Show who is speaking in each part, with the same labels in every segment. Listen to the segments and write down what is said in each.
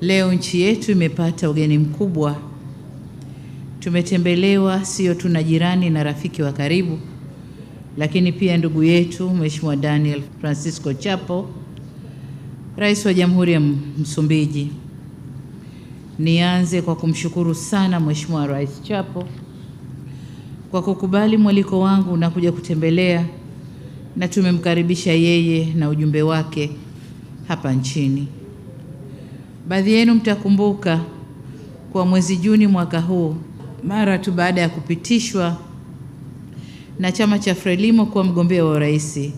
Speaker 1: Leo nchi yetu imepata ugeni mkubwa. Tumetembelewa sio tu na jirani na rafiki wa karibu, lakini pia ndugu yetu Mheshimiwa Daniel Francisco Chapo, Rais wa Jamhuri ya Msumbiji. Nianze kwa kumshukuru sana Mheshimiwa Rais Chapo kwa kukubali mwaliko wangu na kuja kutembelea, na tumemkaribisha yeye na ujumbe wake hapa nchini. Baadhi yenu mtakumbuka kwa mwezi Juni mwaka huu, mara tu baada ya kupitishwa na chama cha Frelimo kuwa mgombea wa urais,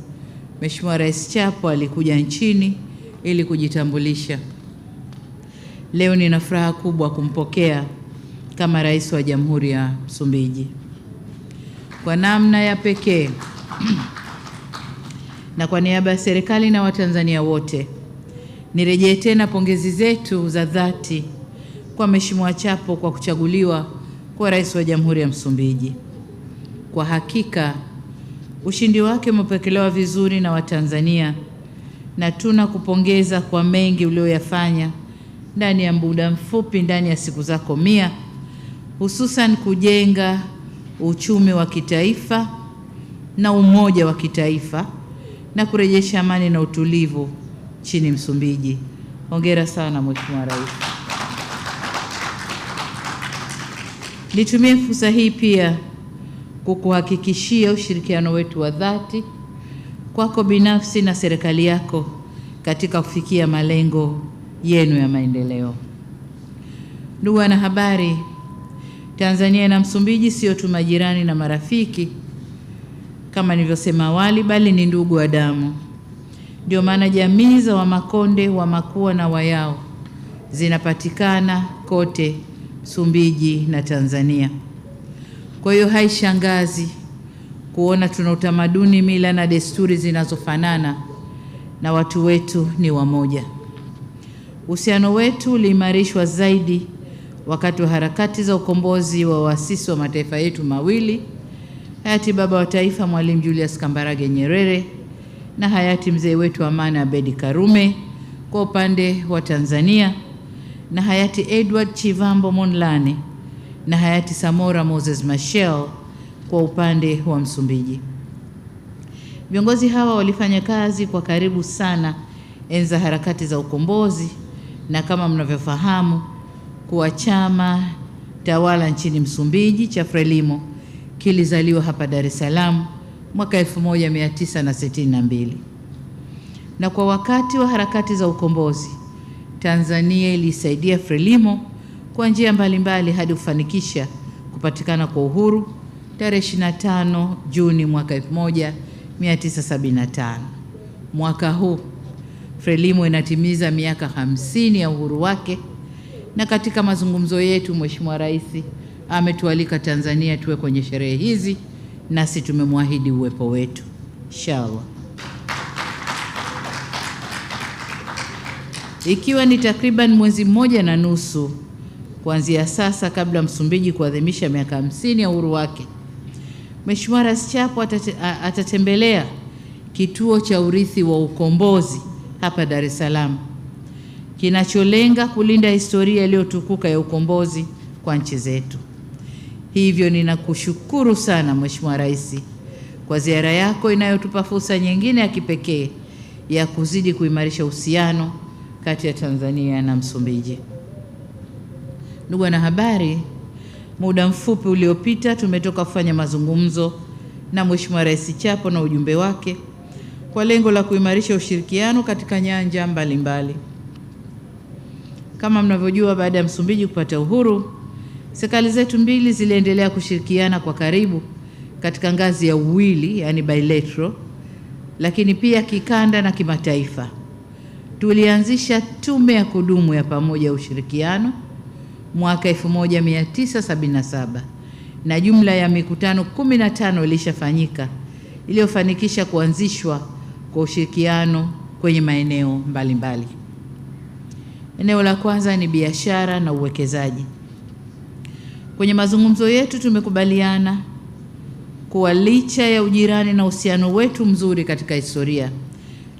Speaker 1: Mheshimiwa Rais Chapo alikuja nchini ili kujitambulisha. Leo nina furaha kubwa kumpokea kama rais wa Jamhuri ya Msumbiji. Kwa namna ya pekee na kwa niaba ya serikali na Watanzania wote Nirejee tena pongezi zetu za dhati kwa Mheshimiwa Chapo kwa kuchaguliwa kuwa rais wa Jamhuri ya Msumbiji. Kwa hakika ushindi wake umepokelewa vizuri na Watanzania na tuna kupongeza kwa mengi ulioyafanya ndani ya muda mfupi, ndani ya siku zako mia, hususan kujenga uchumi wa kitaifa na umoja wa kitaifa na kurejesha amani na utulivu chini Msumbiji. Hongera sana Mheshimiwa Rais. Nitumie fursa hii pia kukuhakikishia ushirikiano wetu wa dhati kwako binafsi na serikali yako katika kufikia malengo yenu ya maendeleo. Ndugu wanahabari, Tanzania na Msumbiji sio tu majirani na marafiki kama nilivyosema awali, bali ni ndugu wa damu. Ndio maana jamii za Wamakonde, Wamakua na Wayao zinapatikana kote Msumbiji na Tanzania. Kwa hiyo haishangazi kuona tuna utamaduni, mila na desturi zinazofanana na watu wetu ni wamoja. Uhusiano wetu uliimarishwa zaidi wakati wa harakati za ukombozi wa waasisi wa mataifa yetu mawili, hayati baba wa taifa Mwalimu Julius Kambarage Nyerere na hayati mzee wetu Amani Abedi Karume kwa upande wa Tanzania na hayati Edward Chivambo Monlane na hayati Samora Moses Machel kwa upande wa Msumbiji. Viongozi hawa walifanya kazi kwa karibu sana enza harakati za ukombozi, na kama mnavyofahamu kuwa chama tawala nchini Msumbiji cha Frelimo kilizaliwa hapa Dar es Salaam mwaka 1962 na, na kwa wakati wa harakati za ukombozi Tanzania ilisaidia Frelimo kwa njia mbalimbali hadi kufanikisha kupatikana kwa uhuru tarehe 25 Juni mwaka 1975. Mwaka huu Frelimo inatimiza miaka hamsini ya uhuru wake, na katika mazungumzo yetu Mheshimiwa Rais ametualika Tanzania tuwe kwenye sherehe hizi nasi tumemwahidi uwepo wetu inshallah. Ikiwa ni takriban mwezi mmoja na nusu kuanzia sasa, kabla Msumbiji kuadhimisha miaka hamsini ya uhuru wake, Mheshimiwa Rais Chapo atate, atatembelea kituo cha urithi wa ukombozi hapa Dar es Salaam kinacholenga kulinda historia iliyotukuka ya ukombozi kwa nchi zetu. Hivyo ninakushukuru sana Mheshimiwa Rais kwa ziara yako inayotupa fursa nyingine ya kipekee ya kuzidi kuimarisha uhusiano kati ya Tanzania na Msumbiji. Ndugu wanahabari, muda mfupi uliopita tumetoka kufanya mazungumzo na Mheshimiwa Rais Chapo na ujumbe wake kwa lengo la kuimarisha ushirikiano katika nyanja mbalimbali mbali. Kama mnavyojua, baada ya Msumbiji kupata uhuru Serikali zetu mbili ziliendelea kushirikiana kwa karibu katika ngazi ya uwili, yani bilateral, lakini pia kikanda na kimataifa. Tulianzisha tume ya kudumu ya pamoja ya ushirikiano mwaka 1977 na jumla ya mikutano 15 ilishafanyika iliyofanikisha kuanzishwa kwa ushirikiano kwenye maeneo mbalimbali mbali. Eneo la kwanza ni biashara na uwekezaji. Kwenye mazungumzo yetu tumekubaliana kuwa licha ya ujirani na uhusiano wetu mzuri katika historia,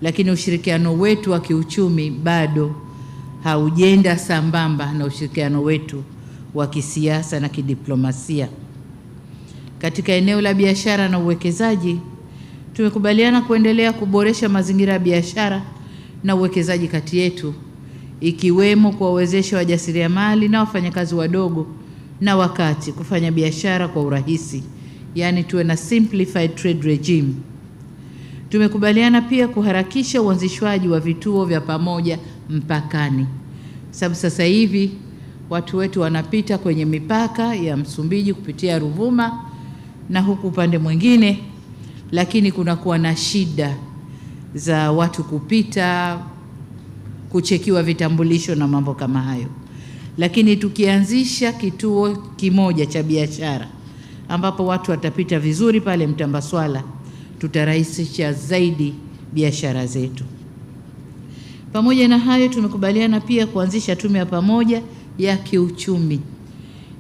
Speaker 1: lakini ushirikiano wetu wa kiuchumi bado haujenda sambamba na ushirikiano wetu wa kisiasa na kidiplomasia. Katika eneo la biashara na uwekezaji, tumekubaliana kuendelea kuboresha mazingira ya biashara na uwekezaji kati yetu, ikiwemo kuwawezesha wajasiriamali na wafanyakazi wadogo na wakati kufanya biashara kwa urahisi, yaani tuwe na simplified trade regime. Tumekubaliana pia kuharakisha uanzishwaji wa vituo vya pamoja mpakani, sababu sasa hivi watu wetu wanapita kwenye mipaka ya Msumbiji kupitia Ruvuma na huku upande mwingine, lakini kunakuwa na shida za watu kupita, kuchekiwa vitambulisho na mambo kama hayo lakini tukianzisha kituo kimoja cha biashara ambapo watu watapita vizuri pale Mtambaswala, tutarahisisha zaidi biashara zetu. Pamoja na hayo, tumekubaliana pia kuanzisha tume ya pamoja ya kiuchumi,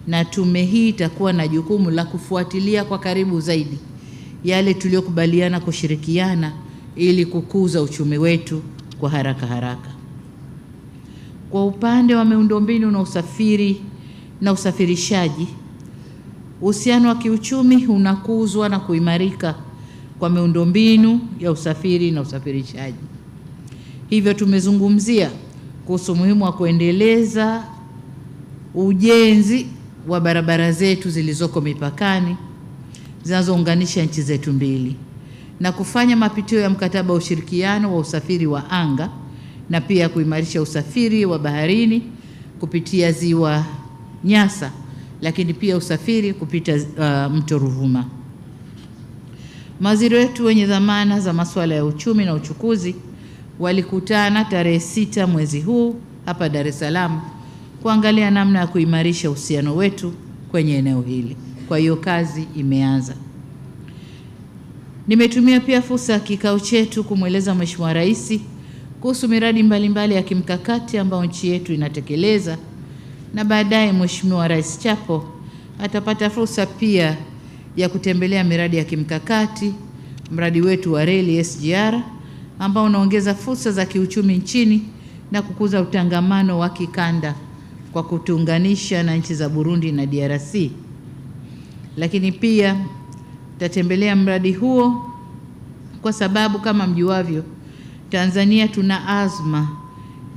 Speaker 1: na tume hii itakuwa na jukumu la kufuatilia kwa karibu zaidi yale tuliyokubaliana kushirikiana ili kukuza uchumi wetu kwa haraka haraka. Kwa upande wa miundombinu na usafiri na usafirishaji, uhusiano wa kiuchumi unakuzwa na kuimarika kwa miundombinu ya usafiri na usafirishaji. Hivyo tumezungumzia kuhusu umuhimu wa kuendeleza ujenzi wa barabara zetu zilizoko mipakani zinazounganisha nchi zetu mbili na kufanya mapitio ya mkataba wa ushirikiano wa usafiri wa anga na pia kuimarisha usafiri wa baharini kupitia ziwa Nyasa, lakini pia usafiri kupita uh, mto Ruvuma. Mawaziri wetu wenye dhamana za masuala ya uchumi na uchukuzi walikutana tarehe sita mwezi huu hapa Dar es Salaam kuangalia namna ya kuimarisha uhusiano wetu kwenye eneo hili. Kwa hiyo kazi imeanza. Nimetumia pia fursa ya kikao chetu kumweleza Mheshimiwa Rais kuhusu miradi mbalimbali ya kimkakati ambayo nchi yetu inatekeleza, na baadaye Mheshimiwa Rais Chapo atapata fursa pia ya kutembelea miradi ya kimkakati, mradi wetu wa reli SGR ambao unaongeza fursa za kiuchumi nchini na kukuza utangamano wa kikanda kwa kutuunganisha na nchi za Burundi na DRC. Lakini pia tatembelea mradi huo kwa sababu kama mjuavyo, Tanzania tuna azma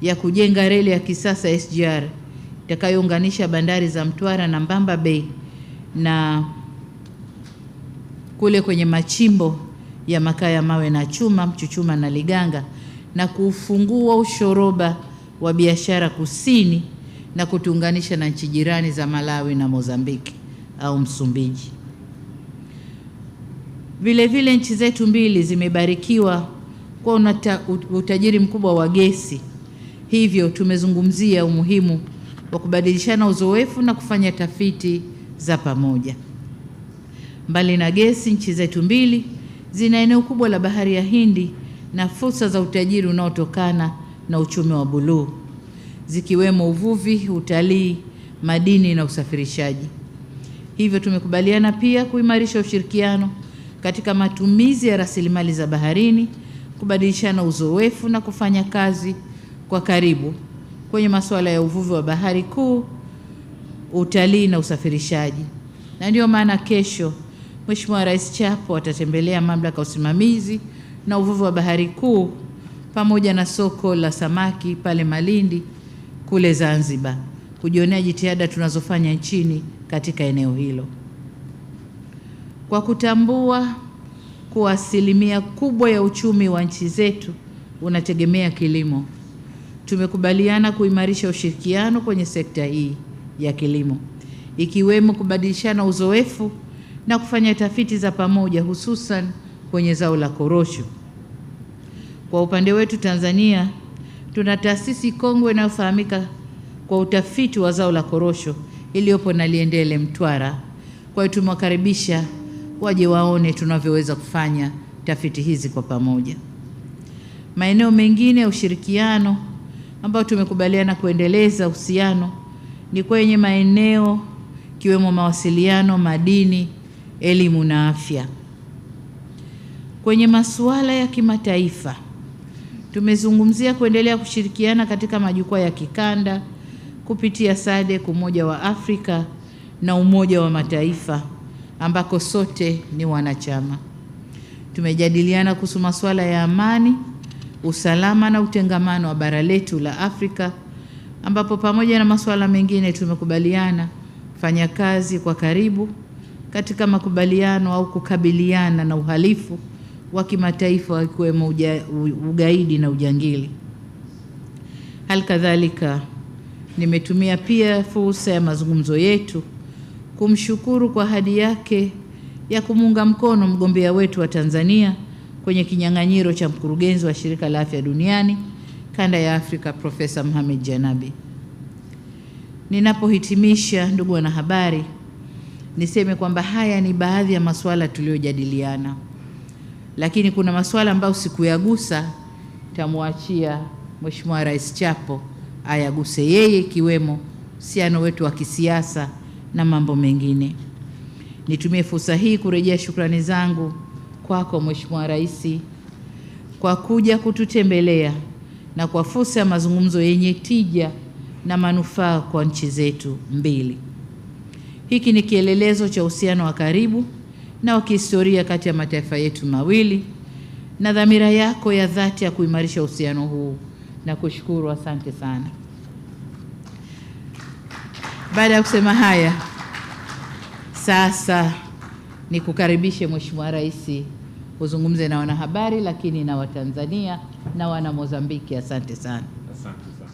Speaker 1: ya kujenga reli ya kisasa SGR itakayounganisha bandari za Mtwara na Mbamba Bay na kule kwenye machimbo ya makaa ya mawe na chuma Mchuchuma na Liganga na kufungua ushoroba wa biashara kusini na kutuunganisha na nchi jirani za Malawi na Mozambiki au Msumbiji. Vilevile nchi zetu mbili zimebarikiwa kwa una utajiri mkubwa wa gesi. Hivyo tumezungumzia umuhimu wa kubadilishana uzoefu na kufanya tafiti za pamoja. Mbali na gesi, nchi zetu mbili zina eneo kubwa la Bahari ya Hindi na fursa za utajiri unaotokana na uchumi wa buluu zikiwemo uvuvi, utalii, madini na usafirishaji. Hivyo tumekubaliana pia kuimarisha ushirikiano katika matumizi ya rasilimali za baharini kubadilishana uzoefu na kufanya kazi kwa karibu kwenye masuala ya uvuvi wa Bahari Kuu, utalii na usafirishaji. Na ndiyo maana kesho Mheshimiwa Rais Chapo atatembelea mamlaka ya usimamizi na uvuvi wa Bahari Kuu pamoja na soko la samaki pale Malindi kule Zanzibar kujionea jitihada tunazofanya nchini katika eneo hilo kwa kutambua kuwa asilimia kubwa ya uchumi wa nchi zetu unategemea kilimo. Tumekubaliana kuimarisha ushirikiano kwenye sekta hii ya kilimo, ikiwemo kubadilishana uzoefu na kufanya tafiti za pamoja, hususan kwenye zao la korosho. Kwa upande wetu, Tanzania tuna taasisi kongwe inayofahamika kwa utafiti wa zao la korosho iliyopo Naliendele, Mtwara. Kwa hiyo tumewakaribisha waje waone tunavyoweza kufanya tafiti hizi kwa pamoja. Maeneo mengine ya ushirikiano ambayo tumekubaliana kuendeleza uhusiano ni kwenye maeneo ikiwemo mawasiliano, madini, elimu na afya. Kwenye masuala ya kimataifa tumezungumzia kuendelea kushirikiana katika majukwaa ya kikanda kupitia SADC, Umoja wa Afrika na Umoja wa Mataifa ambako sote ni wanachama. Tumejadiliana kuhusu masuala ya amani, usalama na utengamano wa bara letu la Afrika, ambapo pamoja na masuala mengine tumekubaliana fanya kazi kwa karibu katika makubaliano au kukabiliana na uhalifu wa kimataifa ikiwemo ugaidi na ujangili. halikadhalika kadhalika nimetumia pia fursa ya mazungumzo yetu kumshukuru kwa ahadi yake ya kumuunga mkono mgombea wetu wa Tanzania kwenye kinyang'anyiro cha mkurugenzi wa Shirika la Afya Duniani kanda ya Afrika, Profesa Mohamed Janabi. Ninapohitimisha, ndugu wanahabari, niseme kwamba haya ni baadhi ya masuala tuliyojadiliana, lakini kuna masuala ambayo sikuyagusa, tamwachia Mheshimiwa Rais Chapo ayaguse yeye, ikiwemo uhusiano wetu wa kisiasa na mambo mengine. Nitumie fursa hii kurejea shukrani zangu kwako Mheshimiwa Rais kwa kuja kututembelea na kwa fursa ya mazungumzo yenye tija na manufaa kwa nchi zetu mbili. Hiki ni kielelezo cha uhusiano wa karibu na wa kihistoria kati ya mataifa yetu mawili na dhamira yako ya dhati ya kuimarisha uhusiano huu. Nakushukuru, asante sana. Baada ya kusema haya, sasa nikukaribishe Mheshimiwa Rais uzungumze na wanahabari, lakini na Watanzania na wana Mozambiki. Asante sana.